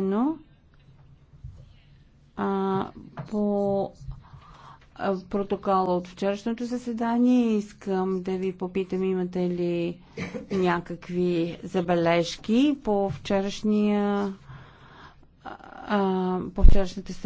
естествено, а, по протокола от вчерашното заседание. Искам да ви попитам, имате ли някакви забележки по вчерашния а, по вчерашната стенограма.